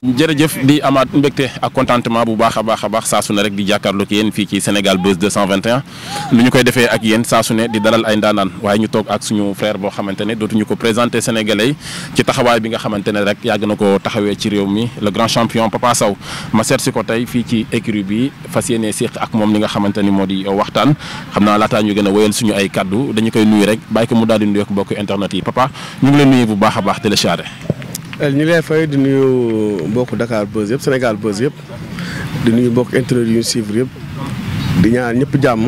jërëjëf di amaat mbégte ak contentement bu baax a baax a baax saa su ne rek di jàkkaarloo ak yéen fii ci Sénégal Buzz 221 lu ñu koy defee ak yéen saa su ne di dalal ay ndaanaan waaye ñu toog ak suñu frère boo xamante ne dootuñu ko présenté Sénégalais ci taxawaay bi nga xamante ne rek yàgg na ko taxawee ci réew mi le grand champion Papa saw ma seet si ko tey fii ci écurie bi fas yéene séq ak moom li nga xamante ni moo di waxtaan xam naa laataa ñu gën a suñu ay kaddu dañu koy nuyu rek bàyyi mu daal di nuyu internet yi papa ñu ngi lay bu baax a baax di la Euh, ñu lay fay di nuyu mbokku Dakar Buzz yëpp Sénégal Buzz yëpp di nuyu mbokku internet yu ñu suivre yëpp di ñaan ñëpp jàmm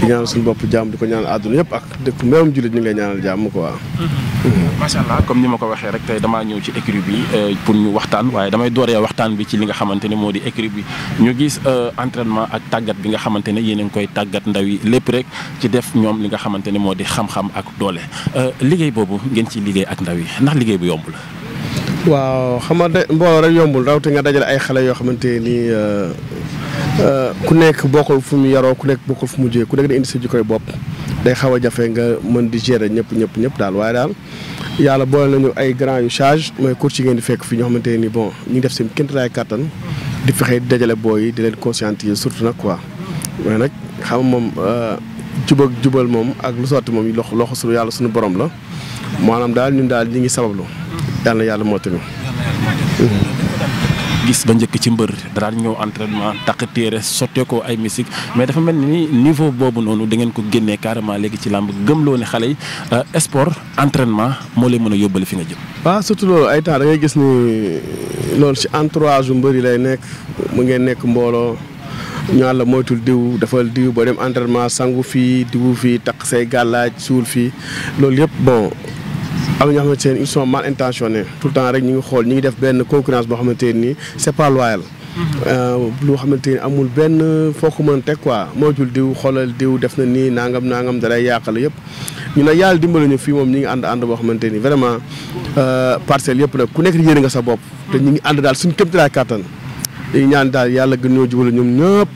di ñaan suñu bopp jàmm di ko ñaan àdduna yëpp ak dëkk meewum jullit ñu ngi lay ñaanal jàmm quoi. Mm-hmm. macha allah comme ni ma ko waxee rek tey damaa ñëw ci écurie bi euh, pour ñu waxtaan waaye damay dooree waxtaan bi ci li nga xamante ne moo di écurie bi ñu gis euh, entraînement ak tàggat bi nga xamante ne yéen a ngi koy tàggat ndaw lépp rek ci def ñoom li nga xamante ne moo di xam ak doole liggéey boobu ngeen ci liggéey ak ndaw yi ndax liggéey yomb la waaw xam nga de mbooloo rek yombul te nga dajale ay xale yoo xamante ni euh, euh, ku nekk bokkul fu mu yaroo ku nekk bokkul fu mu jiyee ku nekk di indi sa jikkoy bopp day xaw a jafe nga mën di gérer ñëpp ñëpp ñëpp daal waaye daal yàlla boole nañu ay grand yu charge mooy cours ci ngeen di fekk fii ñoo xamante nii bon ñu ngi def seen kéemtalaay kattan di fexe di dajale booy yi di leen conscientiser surtout nag quoi mais nag xam moom euh, jubag jubal moom ak lu sotti moom loxo loxo su yàlla suñu borom la maanaam daal ñun daal ñi ngi sabablu. yàlla yàlla mottali gis ba njëkk ci mbër dara ñëw entraînement takk téere sotteekoo ay musique mais dafa mel ni niveau boobu noonu da ngeen ko génnee carrément léegi ci làmb gëmloo ne xale yi euh, sport entraînement moo lay mën a yóbbale fi nga jëm. waaw surtout loolu ay temps da ngay gis ni loolu ci entourage yu mbër lay nekk mu ngeen nekk mbooloo ñu la moytul diw dafal diw boo dem entraînement sangu fii diwu fi takk say gàllaaj suul fii loolu yëpp bon. am na ñoo xamante ne ils sont mal intentionnés tout le temps rek ñu ngi xool ñu ngi def benn concurrence boo xamante ne nii c'est pas loyal. Mm-hmm. Euh, loo xamante ni amul benn foo ko mën a teg quoi moo jul diw xoolal diw def na nii nangam nangam dalay yàqal yëpp ñu ne yàlla dimbali ñu fii moom ñi ngi ànd ànd boo xamante ni vraiment euh, parcelle yëpp nag ku nekk yéene nga sa bopp te ñu ngi ànd daal suñ képp dalaay kàttan dañu ñaan daal yàlla gën ñoo jubale ñoom ñëpp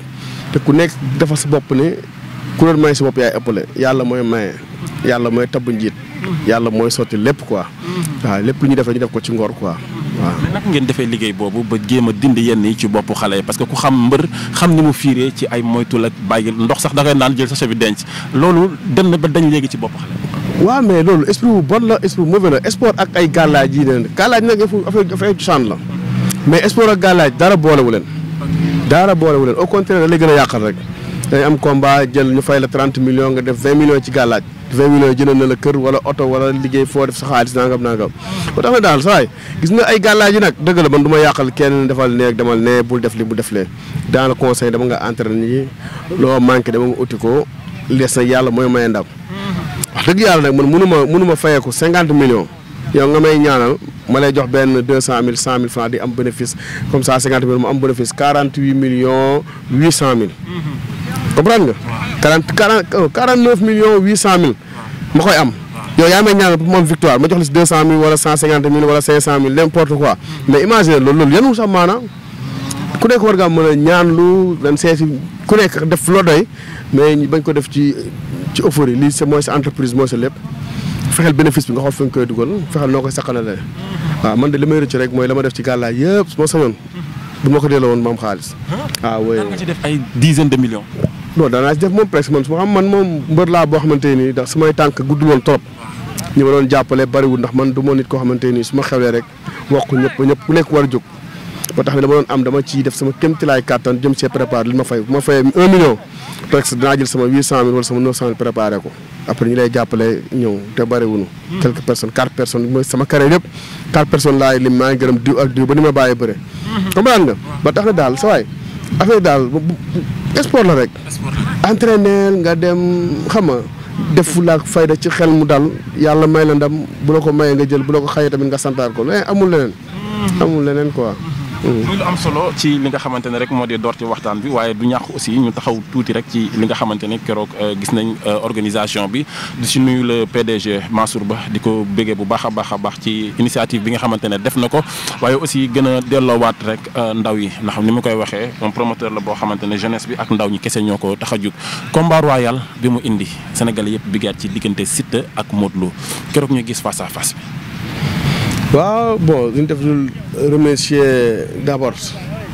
te ku nekk defal sa bopp ne ku doon may sa bopp yaay ëppale yàlla mooy maye yàlla mooy tabbu njiit. yàlla mooy sotti lépp quoi. waaw lépp lu ñu defee ñu def ko ci ngoor quoi. waaw mais ngeen defee liggéey boobu ba jéem a dindi yenn yi ci boppu xale yi parce que ku xam mbër xam ni mu fiiree ci ay moytul ak bàyyi ndox sax da ngay naan jël sa bi denc loolu dem na ba dañ léegi ci boppu xale. waaw mais loolu esprit bu bon la esprit bu mauvais la sport ak ay gàllaaj yi leen gàllaaj nag affaire cosaan la mais sport ak gàllaaj dara boolewu leen. leen au contraire da lay gën yàqal rek. dañuy am combat jël ñu fay la trente millions nga def vingt millions ci gàllaaj vingt millions jëlal na la na daal ay gàllaaj yi nag dëgg ma yàqal kenn defal nee ak demal nee bul def li bu def lee dans le conseil dama nga entraîné yi loo manqué dama nga uti ko lees nag yàlla mooy may ndam wax dëgg yàlla nag man mënu ma mënu ma fayeeku cinquante millions yow nga may ñaanal ma lay jox benn deux cent mille cent mille di am bénéfice comme ça cinquante mille mu am bénéfice quarante comprendre nga. 40 49 millions 800 mille. ma koy am. yow yaa may ñaanal pour mu am victoire ma jox la si 200 mille wala 150 mille wala 500 mille n'importe quoi mais imagine loolu loolu yanu sax maanaam ku nekk war ngaa mën a ñaanlu dañ seeti ku nekk def loo doy mais bañ ko def ci ci offre yi lii sa mooy sa entreprise mooy sa lépp fexeel bénéfice bi nga xool fi nga koy dugal fexeel noo koy saqalalee waaw man de li may rëcc rek mooy la ma def ci gàllaay yëpp bu ma ko delloo woon ma am xaalis. waaw ah, waaye nga ci ay dizaine de millions. non danaa ci def moom presque man su ma xam man moom mbër laa boo xamante nii ndax su may tànk guddul woon trop. ñi ma doon jàppale bariwul ndax man du ma nit koo xamante nii su ma xewlee rek wax ko ñëpp ñëpp ku nekk war a jóg. ba tax ne la ma am dama ciy def sama kéemtilaay kàttan jëm see préparé li ma fay ma fayee un million presque dinaa jël sama huit cent mille wala sama neuf cent hmm. mooy sama carré yëpp quatre personnes laay lim maa ba ni ma bàyyi bëre hmm. comprendre ba tax na daal sa waay affaire daal sport la rek entraîner nga dem xam nga def fulla fay fayda ci xel mu dal yàlla may la ndam bu la ko mayee nga jël bu la ko xayee tamit nga santaar ko amul leneen hmm. amul leneen quoi muy lu am solo ci li nga xamante ne rek moo di door waxtaan bi waaye du ñàkk aussi ñu taxaw tuuti rek ci li nga xamante ne keroog euh, gis nañ euh, organisation bi du si nuyu le PDG Mansour Ba di ko bëggee bu baax a baax a baax ci initiative bi nga xamante ne def na ko waaye aussi gën a delloowaat rek euh, ndaw yi ndax ni ma koy waxee moom promoteur la boo xamante ne jeunesse bi ak ndaw ñi kese ñoo ko tax a jug combat royal bi mu indi Sénégal yëpp bigaat ci diggante Siteu ak Modou keroog ñu gis face à face waaw bon li ñu def dul remercier d' abord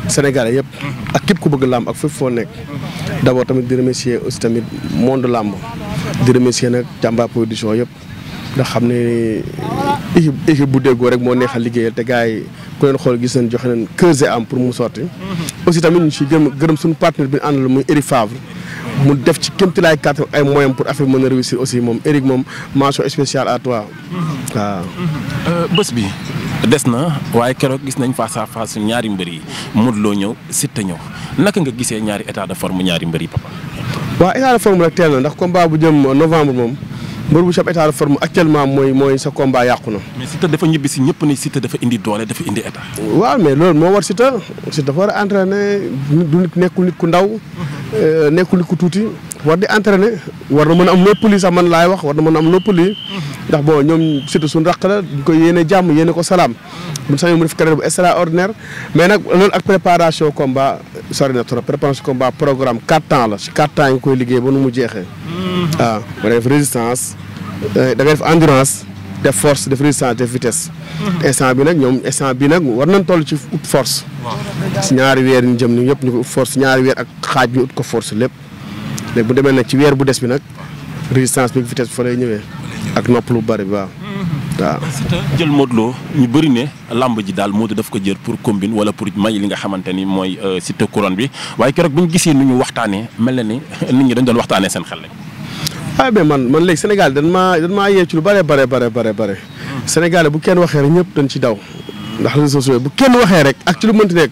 Sénégalais yëpp ak képp ku bëgg làmb ak fépp foo nekk d' tamit di remercier aussi tamit monde làmb di remercier nag Tamba production yëpp nga xam ne équipe équipe bu déggoo rek moo neexal liggéeyal te gars yi ku leen xool gis nañ joxe nañ keuse am pour mu sotti mhm. aussi tamit ñu si gërëm gërëm suñu partenaire bi ñu àndal muy Eri mu def ci kéemtalaay carte ay moyens pour affaire mën a réussir aussi moom Eric moom mention spéciale à toi. waaw. Euh, bés bi des na waaye keroog gis nañ face à face ñaari mbër yi Modou Lo ñëw Siteu ñëw naka nga gisee ñaari état de forme ñaari mbër yi papa. waaw état de forme rek teel na ndax combat bu jëm novembre moom. mbër bu sab état de forme actuellement mooy mooy sa combat yàqu na. mais Siteu dafa ñibbi si ñëpp ne Siteu dafa indi doole dafa indi état. waaw mais loolu moo war Siteu Siteu a entraîné du nit nekkul nit ku ndaw. Euh, nekkul ku tuuti war di entraîner war na mën a am noppali sax man laay wax war na mën a am noppali ndax bon ñoom surtout suñu raq la ñu ko yéene jàmm yéene ko salaam. buñ sañoon mu def carrière bu extraordinaire mais nag loolu ak préparation combat sori na trop préparation combat programme quatre ans la si quatre yi nga koy liggéey ba nu mu jeexee. waaw hmm. ah, euh, da ngay def résistance da def endurance. def force def résistance def vitesse. Mhm. instant bi nag ñoom instant bi nag war nañ toll ci force. si ñaari weer ñu jëm ni yëpp ñu ko ut force ñaari weer ak xaaj bi ut ko force lépp. léegi bu demee nag ci weer bu des bi nag résistance bi vitesse bi fa lay ñëwee. ak nopp lu bari bi waaw. Mhm. waaw jël Modou ñu bari ne làmb ji daal Modou daf ko jël pour combine wala pour may li nga xamante ni mooy euh, Siteu couronne bi waaye keroog bu ñu gisee nu ñu waxtaanee mel na ni nit ñi dañ doon waxtaanee seen xel lañ. ah mais man man léegi Sénégal dan maa dan maa yee ci lu bare bare bare bare bare Sénégal bu kenn waxee rek ñëpp dañ ci daw ndax réseaux sociaux bu kenn waxee rek ak ci lu mënti nekk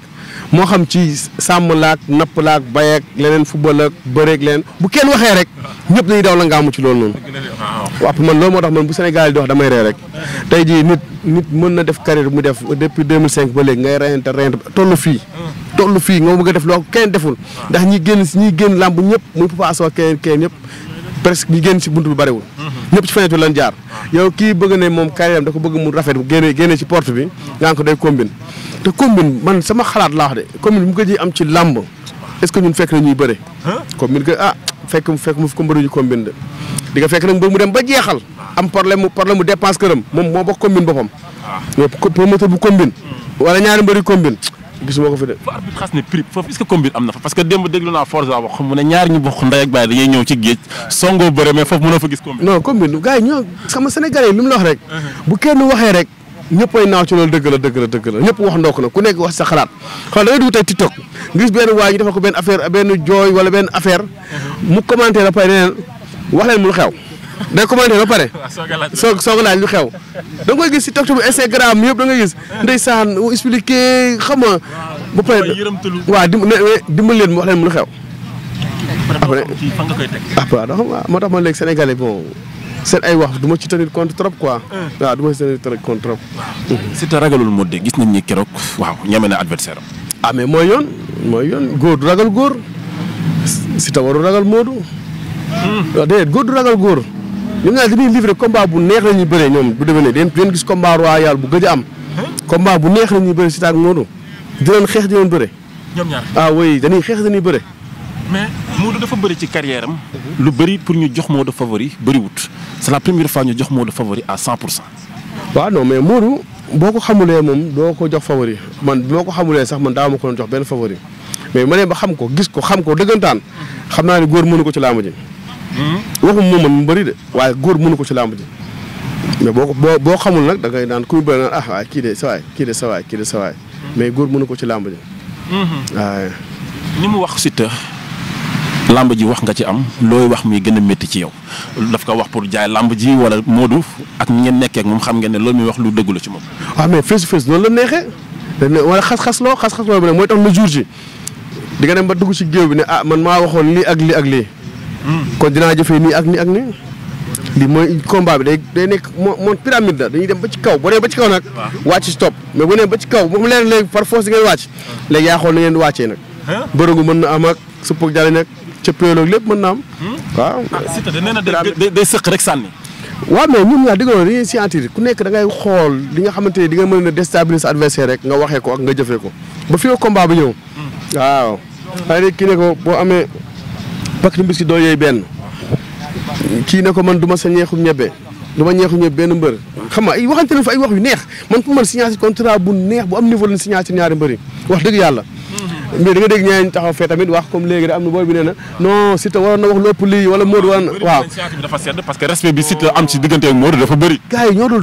moo xam ci sàmm laak napp laak bay leneen football ak bëreeg leneen bu kenn waxee rek ñëpp dañuy daw la nga amu ci loolu noonu. waaw man loolu moo tax man bu Sénégal di wax damay ree rek tey jii nit nit mën na def carrière mu def depuis 2005 ba léegi ngay reyante reyante tollu fii. tollu fii nga bëgg a def loo kenn deful. ndax ñi génn ñi génn làmb ñëpp muy Papa Sow keneen keneen ñëpp presque ñu génn si buntu bi bariwul mhm. ñëpp ci fenêtre lan jaar ah. yow kii bëgg ne moom carrière da ko bëgg mu rafet génne génne ci porte bi nga naan ko day combine te combine man sama xalaat laa de combine bu ko am ci làmb est que ñun fekk na ñuy bëre combine que ah, fekk mu mu fi mu dem ba jeexal am problème mu problème këram moom moo bokk combine boppam ah. mais promoteur bu combine hmm. wala ñaari mbëri combine gisuma ko fi de. fa arbitre xas ne prix foofu est-ce que combine am déglu naa Forza wax mu ne ñaar ñu bokk ndey ak baay dañuy ñëw ci géej songoo bëre foofu mënoo fa gis combine. non combine gars yi ñoo sama sénégalais yi mu la wax rek. Uh-huh. bu kenn waxee rek. ñëppay naaw ci loolu dëgg la dëgg la dëgg ñëpp wax ndokk na ku nekk wax sa xalaat xool da ngay dugg tey TikTok gis benn waa ji defal benn affaire benn jooy wala benn affaire uh-huh. mu commenté la pare nee wax leen mu xew. day commandé ba pare soog soog laaj lu xew da koy gis si TikTok bi Instagram yëpp da nga gis ndeysaan expliqué xam nga ba pare waaw dimbali leen mu leen mu lu xew après après doo xam moo tax man léegi sénégalais bon seen ay wax du ma ci tenir compte trop quoi euh. waaw du ma ci tenir compte trop si te ragalul Modou gis nañ ni keroog waaw ñame na adversaire am ah, mooy yoon mooy yoon góor du ragal góor si te warul ragal Modou hmm. waaw góor du ragal góor ñoom ñaar dañuy livré combat bu neex la ñuy bëree ñoom bu demee ne den leen gis combat royal bu gëj a am combat bu neex la ñuy bëree Siteu ak Modou di xeex di leen bëree ñoom ñaar ah oui dañuy xeex dañuy bëree mais moo dafa bëri ci carrière am lu bëri pour ñu jox Modou favori bëriwut c'est la première fois ñu jox Modou favori à cent pour cent waaw mais Modou boo ko xamulee moom doo ko jox favori man bi ma ko xamulee sax man daa ma ko doon jox benn favori mais ma ba xam ko gis ko xam ko dëggantaan xam naa ne góor mënu ko ci laamu ji waxum moo mën mu bari de waaye góor mënu ko ci làmb ji mais boo ko boo xamul nag da naan ku bëri ah, kii de sawaay kii de sawaay kii de sawaay mais góor mënu ko ci làmb ji mm-hmm. waaye ni mu wax Siteu làmb ji wax nga ci am looy wax muy gën a métti ci yow daf ko wax pour jaay làmb ji wala Modou ak ñi ngeen nekkee ak moom xam ngeen ne loolu muy wax lu dëgg la ci moom waaw ah, mais face face noonu la neexee dañ ne wala xas-xas loo xas-xas loo bi ne mooy tax na jour ji di dem ba dugg ci géew bi ne ah man maa waxoon lii ak lii ak kon dinaa jëfee nii ak nii ak nii. lii mooy combat bi day day nekk moo moom la dañuy dem ba ci kaw boo nee ba ci kaw nag. wàcc stop mais bu nee ba ci kaw moom leen léegi par force ngeen wàcc. léegi yaa xool na ngeen wàccee nag. bërëgu mën na am ak supp ak jàll nag am. Hmm? waaw. Ah, day day sëq rek sànni. waaw mais ñun ñaa déggoo dañuy ku nekk da ngay xool li nga xamante ni di nga mën a déstabiliser adversaire rek nga waxe ko ak nga jëfee ko ba fi combat bi ñëw. Hmm. waaw. xëy na kii ne boo amee pakati mbiskit doo yooyu benn kii ne ko man du ma sa ñeexu ñebe du ma ñeexum ñebe benn mbër xam nga ay waxante na fa ay wax yu neex man pour man signature contrat bu neex bu am niveau lañ signature ñaari mbëri wax dëgg yàlla mais da nga dégg ñeneen taxaw fee tamit wax comme léegi da am na booy bi nee na non Siteu waroon na wax lu ëpp lii wala Modou waroon waaw dafa sedd parce que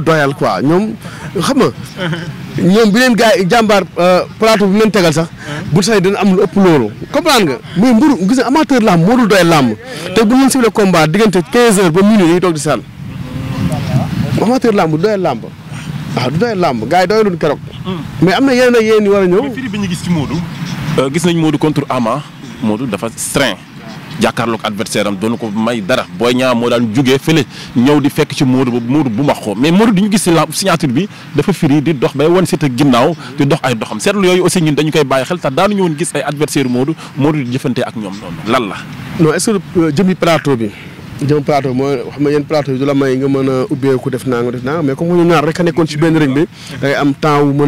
doyal quoi ñoom xam nga ñoom bi leen gars yi jàmbaar euh, plateau bi leen tegal sax bu sax dina am lu ëpp loolu comprendre nga mais mburu gis nga amateur làmb moo dul doyal làmb te bu ñu sible combat diggante 15 heures ba minuit yi toog di saan amateur làmb doyal làmb waaw ah, du doyal làmb gars yi doyaluñ keroog hmm. mais am na yeneen ak yeneen yi a bi ñu gis ci Modou Euh, gis nañ Modou contre Ama Modou dafa strain jàkkaarloog adversaire am doon ko may dara booy ñaa moo daan jugee fële ñëw di fekk ci Modou boobu Modou bu ma mais Modou di ñu gis si la signature bi dafa firi di dox bay wan Siteu ginnaaw di dox ay doxam seetlu yooyu aussi ñun dañu koy bàyyi xel tax daanuñu woon gis ay adversaire Modou Modou di jëfante ak ñoom noonu lan la. non est-ce que euh, bi. jëm plateau mooy xam nga yéen plateau yi nga mën a ubbeeku def naa nga def naa mais comme ñu ñaar rek a nekkoon ci benn rek bi da ngay am temps wu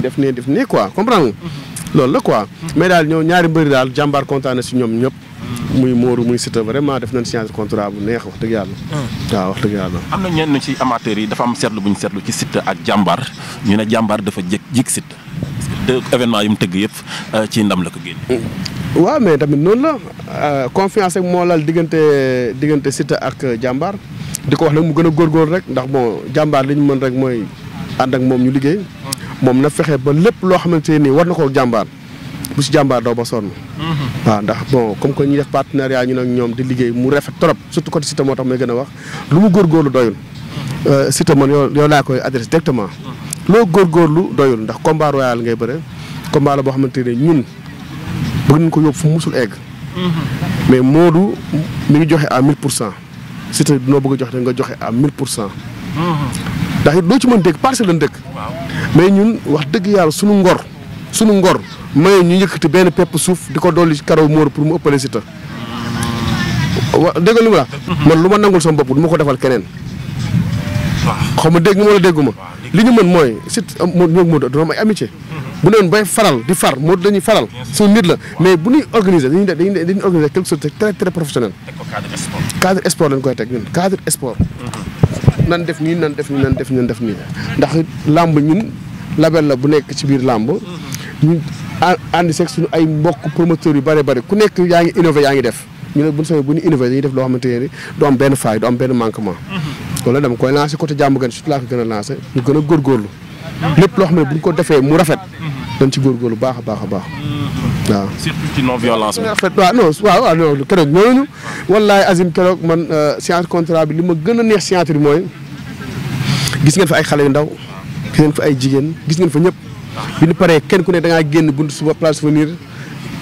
def nii def nii quoi comprendre nga mm-hmm. loolu la quoi mais ñaari mbëri daal jàmbaar kontaan si ñoom ñëpp mm-hmm. muy Modou muy Siteu vraiment def nañ signature contrat bu neex wax dëgg yàlla. Mm. waaw wax dëgg yàlla. am na ñenn ci amateur yi dafa am seetlu bu ñu seetlu ci Siteu ak jàmbaar ñu ne jàmbaar dafa jég jig Siteu deux événements yu mu tëgg yëpp euh, ci ndam la ko génne. Mm. waaw mais tamit noonu la euh, confiance ak moo lal diggante diggante Siteu ak jàmbaar di ko wax nag mu gën a góorgóorlu rek ndax bon jàmbaar li ñu mën rek mooy ànd ak moom ñu liggéey moom na fexe ba lépp loo xamante nii war na ko jàmbaar bu si jàmbaar doo mhm. ndax bon comme que ñuy def partenariat ñu nag ñoom di liggéey mu rafet trop surtout côté Siteu moo tax may gën wax lu mu góorgóorlu doyul. Mhm. Euh, Siteu man yow yow laa koy adresse directement. Mhm. loo góorgóorlu doyul ndax combat royal ngay bëre combat boo xamante ne ñun. bëgg nañ ko yóbbu fu musul egg. mais Modou mi ngi joxe à 1000 pour cent Siteu dinoo bëgg a joxe nga joxe à 1000 pour cent. ndax it doo ci mën dëkk parcelle lañ dëkk. mais ñun wax dëgg yàlla sunu ngor sunu ngor may ñu yëkkati benn pepp suuf di ko dolli ci karaw Modou pour mu ëppale Siteu. wa dégg nga li mu la man lu ma nangul sama bopp du ma ko defal keneen. waaw xaw ma dégg nga wala déggu ma li ñu mën mooy Siteu ñoo ngi Modou dañoo am ay amitié. bu leen bay faral di far moo dañuy faral suñu nit la mais bu ñuy organiser dañuy def dañuy dañuy organiser quelque chose de très très professionnel. cadre sport lañ koy teg ñun cadre sport. Mm-hmm. nan def nii nan def nii nan def nii def nii ndax làmb ñun label la bu nekk ci biir làmb. Mm-hmm. ñu ànd seeg suñu ay mbokk promoteurs yu bare bari ku nekk yaa ngi innové yaa ngi def ñu ne bu ñu soobee bu ñu innové dañuy def loo xamante ne du am benn faille du am benn manquement. Mm-hmm. loolu dama koy côté jàmm gan surtout laa ko gën gën a lépp loo xam ne bu ko defee mu rafet. dañ ci góorgóorlu baax a baax a baax. Mm-hmm. waaw surtout ci non violence bi. waaw non waaw waaw loolu keroog wallaay Azim keroog man euh, science contrat bi li ma gën a neex science bi mooy gis ngeen fa ay xale yu ndaw gis ngeen fa ay jigéen gis ngeen fa ñëpp. bi ñu paree kenn ku ne da génn bunt suba place souvenir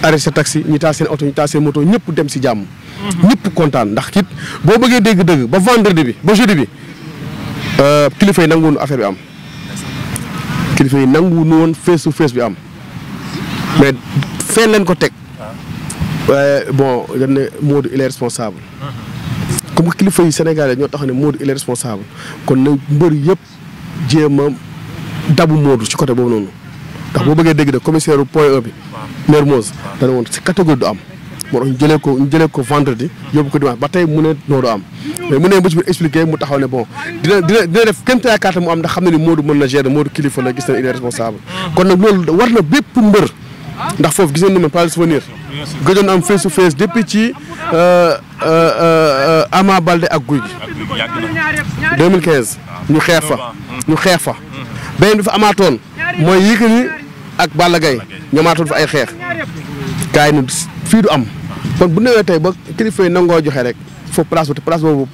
arrêté sa taxi ñu taal seen oto ñu taal seen moto ñëpp dem si jàmm. Mm-hmm. ñëpp kontaan ndax it boo bëggee dëgg dëgg ba vendredi bi ba jeudi bi euh, kilifa yi nanguwoon affaire bi am. kilifa yi nangu nu woon face to face bi am mais feen ko teg waaye bon dañ ne Modou il responsable comme kilifa yi Sénégalais ñoo tax ne Modou il est responsable kon na mbër yëpp jéem dabu Modou ci côté boobu noonu ndax boo bëggee dégg de commissaire point bi Mermoz dana woon si catégorie du am moo tax ñu jëlee ko ñu jëlee ko vendredi yóbbu ko dimanche ba tey mu ne noodu am mais mu ne ba ci biir mu taxaw ne bon dina dina dina def kenn tey carte mu am ndax xam ne ni Modou mën na gérer Modou kilifa la gis na il est responsable kon nag loolu war na bépp mbër ndax foofu gis nañu ne Palais Souvenir gëjoon am face to face depuis ci euh, euh, euh, Ama Balde ak Guy gi 2015 ñu xeex fa ñu xeex fa benn bi fa amaatoon mooy Yékini ak Balla Gaye ñamaatoon fa ay xeex gars yi ne fii du am kon bu newee tey ba kilifa nangoo joxe rek foofu place te place boobu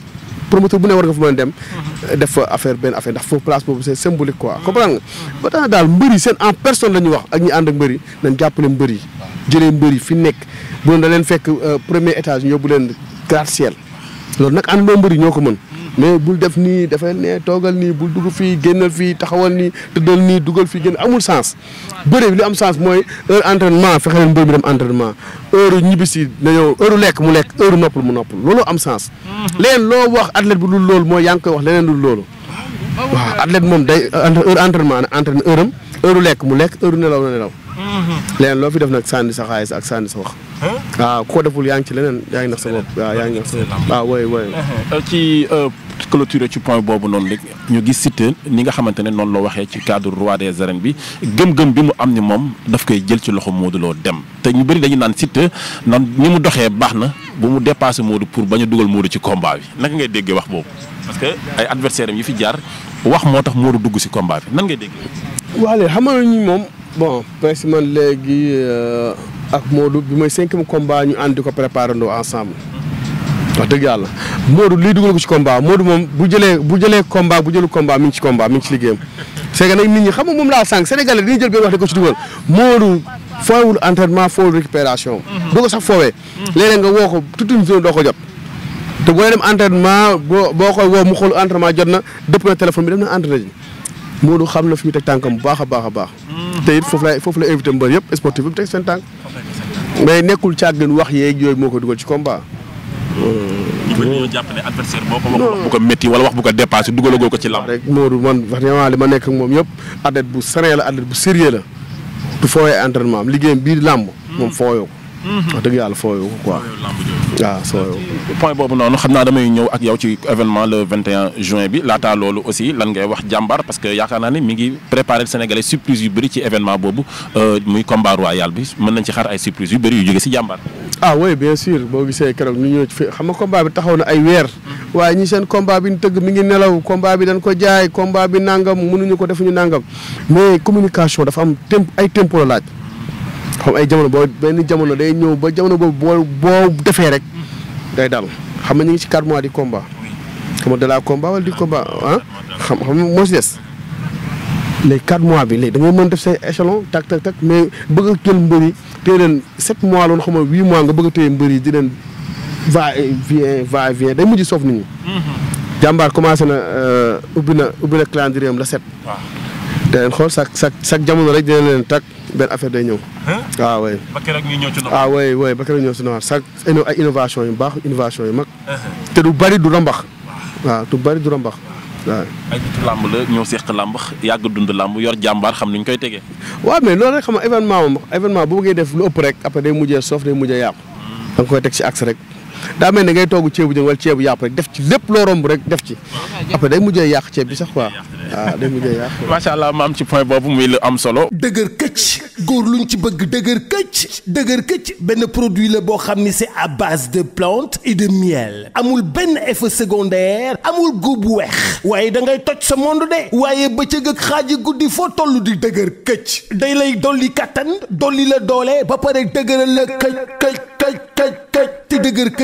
promoteur bu ne war nga fa mën a dem. Mhm. def fa benn affaire ndax foofu place boobu c'est symbolique quoi. comprendre nga ba tax daal mbër yi seen en personne la ñuy wax ak ñi ànd ak mbër yi nañ jàppale mbër yi. jëlee mbër fi nekk bu doon da leen fekk euh, premier étage ñu yóbbu leen gratte-ciel loolu nag àndandoo mbër yi ñoo ko mën. mais bul def nii defal ne toogal nii bul dugg fii génnal fii taxawal nii tëddal nii dugal fii génn amul sens. bëre bi li am sens mooy heure entraînement fexe leen mbër mi dem entraînement heure ñibbisi dañoo heure lekk mu lekk heure noppal mu noppal loolu am sens. Mhm. leneen loo wax athlète bi dul loolu mooy yaa ngi koy wax leneen dul loolu. waaw athlète moom day heure entraînement na entraîne heure am lekk mu lekk heure nelaw na nelaw. Mhm. leneen loo fi def nag sànni sa xaalis ak sànni sa wax. waaw ku ko deful yaa ngi ci leneen yaa ngi nax sa bopp waaw yaa ngi nax sa bopp eh, eh, ci euh, clôturer ci point boobu noonu rek ñu gis Siteu ni nga xamante ne noonu la waxee ci cadre roi des arènes bi gëm-gëm bi mu am ni moom daf koy jël ci loxo Modou Lo dem te ñu bëri dañu naan Siteu nan ni mu doxee baax na bu mu dépassé Modou pour bañ a dugal Modou ci combat bi naka ngay déggee wax boobu parce que ay adversaire am yi fi jaar wax moo tax Modou dugg si combat bi nan ngay déggee. waaye xam nga ni moom bon presque man léegi euh, ak moodu bi mooy cinquième combat ñu ànd di ko préparé ndoo ensemble. wax dëgg yàlla Modou lii dugal ko ci combat Modou moom bu jëlee bu jëlee combat bu jëlu combat mi ngi ci combat mi ngi ci liggéeyam. c'est nag nit ñi xam nga moom laa sànq Sénégalais dañuy jël benn wax di ko ci dugal Modou foowul entraînement foowul récupération doo ko sax foowee. léeg-léeg nga woo ko toute une zone doo ko jot. te boo dem entraînement boo boo koy woo mu xool entraînement jot na dëpp na téléphone bi dem na entraîné ji Modou xam na fi mu teg tànkam bu baax a baax a baax. te it la foofu la invité mbër yëpp sportif bi mu teg seen tànk. wax yeeg yooyu ko dugal ci combat. ñu bëri ñoo jàpp ne adversaire boo ko wax wax bu ko métti wala wax bu ko dépassé dugalagoo ko ci lamb rek Modou ma nekk moom yëpp athlète bu serein la athlète bu sérieux la du fooyee entraînement am liggéeyam bii làmb moom hmm. fooyoo wax dëgg yàlla fooyoo quoi. waaw ah, fooyoo point boobu noonu xam naa damay ñëw ak yow ci événement le 21 juin bi laataa loolu aussi lan ngay wax jàmbar parce que yaakaar naa ne mi ngi préparé Sénégalais surprise yu bëri ci événement boobu euh, muy combat royal bi mën nañ ci xar ay surprise yu bëri yu jóge si jàmbaar. ah oui bien sûr boo gisee keroog ñu ñëw fi xam nga combat bi taxaw na ay weer waaye ñi seen combat bi ñu tëgg mi ngi nelaw combat bi dañ ko jaay combat bi nangam mënuñu ko defuñu nangam mais communication dafa am temp ay tempo laaj. xam ay jamono boo benn jamono day ñëw ba jamono boobu boo boo defee rek day dal xam nga ñu ngi ci 4 mois di combat. xam nga de la combat wala di combat ah xam xam moo si des. léegi 4 mois bi léegi da nga mën def say échelon tak tak mais bëgg a jël mbër yi téye leen 7 mois loon xam nga 8 mois nga bëgg a téye di leen va et va et vient day mujj soof nit ñi. Mm-hmm. jàmbaar na euh, ubbi na ubbi na calendrier am la set. waaw dinañ xool chaque jamono rek dina leen tak benn affaire day ñëw. waaw ah, waay. ba keroog ñuy ñëw ci noor. waaw waay waay ba keroog ñëw ci noor chaque ay innovation yu baax innovation yu mag. te du bari du rambax. waaw du bari du rambax. waaw ay ñoo seq làmb yàgg dund làmb yor jàmbaar xam niñ koy tegee. waaw mais loolu rek xam nga événement moom événement bu bëggee def lu ëpp rek après day mujjee soof day mujjee yàqu. Hmm. da nga koy teg ci axe rek. daa mel ne ngay toogu ceebu jën wala ceebu yàpp rek def ci lépp loo romb rek def ci après day mujjee yàq ceeb bi sax quoi waaw ah, day mujjee yàq macha allah maam am ci point boobu muy lu am solo dëgër këcc góor lu ñu ci bëgg dëgër këcc dëgër këcc benn produit la boo xam ni si à base de plantes et de miel amul benn effet secondaire amul góob bu weex waaye da ngay toj sa monde de waaye bëccëg ak xaaj guddi foo toll di dëgër këcc day lay dolli kàttan dolli la doole ba pare dëgëral la këcc këcc këcc këcc te dëgër këcc